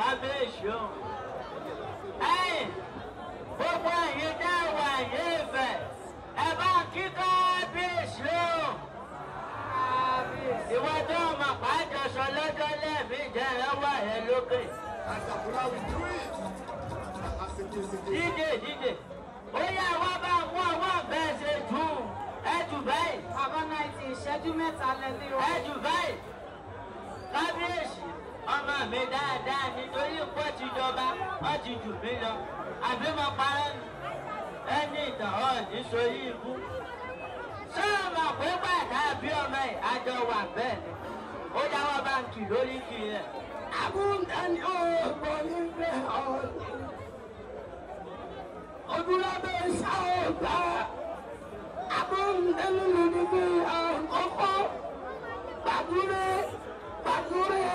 kábíyèsíò ẹ̀yin gbogbo ẹ̀yin dá wà yé Ifẹ̀ ẹ bá kí kábíyèsíò ìwọ tó ọmọ pàjọsọ lọ́jọ́ lẹ́ẹ̀mí jẹ́ ẹ wà ẹ lókè. díje díje ó yẹ wá bá wọn wọn bẹ́ẹ̀ ṣe jù ẹ jù báyìí. bàbá náà ti ìṣẹ́jú mẹ́ta lẹ́lẹ́ o. ẹ jù báyìí kábíyèsí ọmọ mi dáadáa nítorí nǹkan ti jọba wọ́n ti jù mí lọ àbí mo parẹ́ nù ẹni ìdánwò nítorí ibú. ṣé ọmọ pé pàdá bí ọmọ ẹ̀ àjọ wà bẹ́ẹ̀ ni ó dáwọ́ báńkì lórí kì í rẹ̀. àbúntani òògùn nílẹ̀ ọ̀hún. ojúlọ́bẹ̀ ṣáògbà àbúntani lòdì ní ọ̀hún kọ́kọ́ gbàdúrẹ́ gbàdúrẹ́.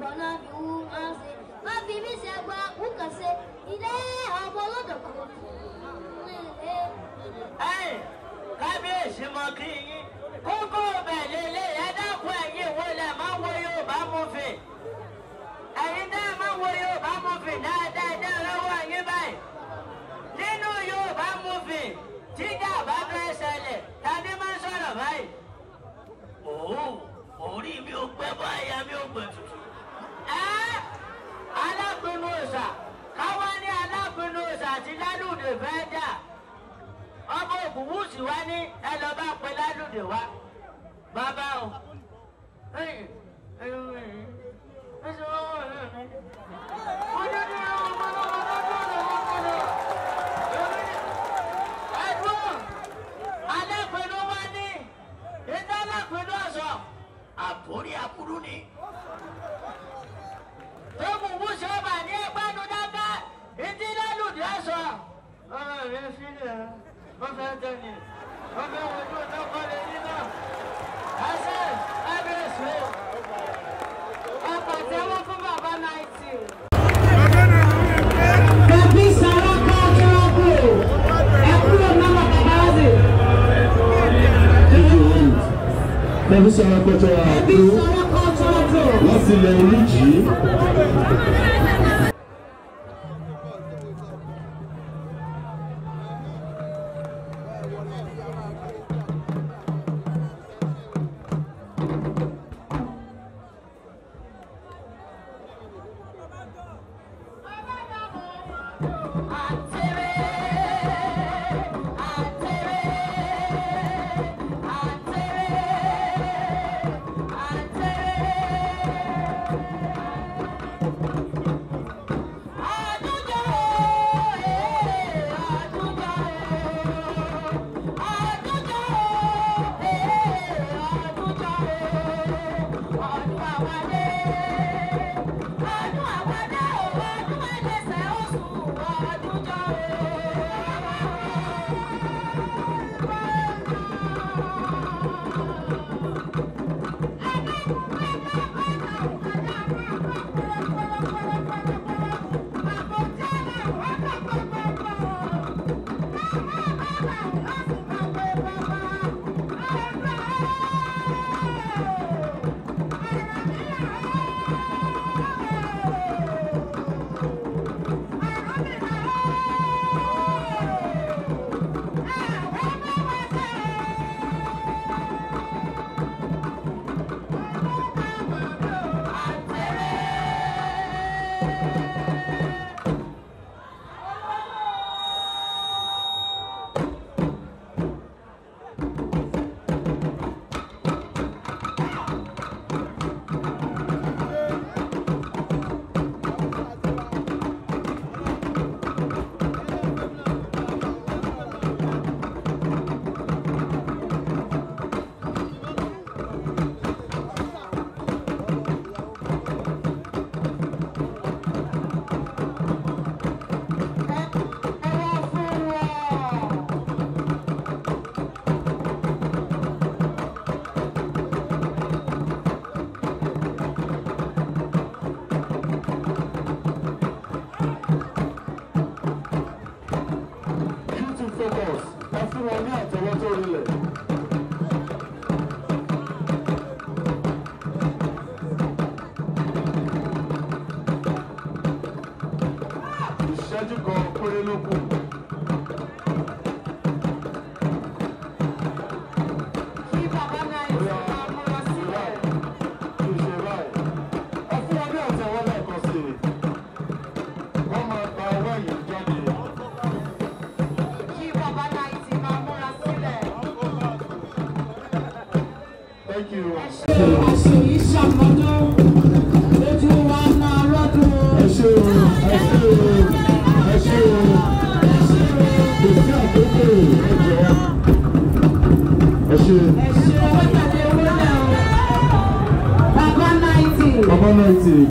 banabi wu ansi mabi mi se gba wukase ile ọbọ lọdọkọ nílé. ẹyìn kábíyèsí mọ kí yín kókó bẹ̀ lélẹ̀ ẹ̀dá ẹ̀yìn ìwọlẹ̀ máa ń wo Yorùbá mú fi. kùbùsì wá ní ẹ lọ bá pe ládùúdè wá bàbá o mo dúdú. ومدني وما وجود قليلنا حسن أبرسو أبا توقف بابا نايتي Kabi Sara Cultural Group. Ẹkú ọ̀nàmọ̀ Babazi. Kabi Sara Cultural Group. Kabi Sara Cultural Group. Láti ilẹ̀ olújì. Activity! lóko. Thank you.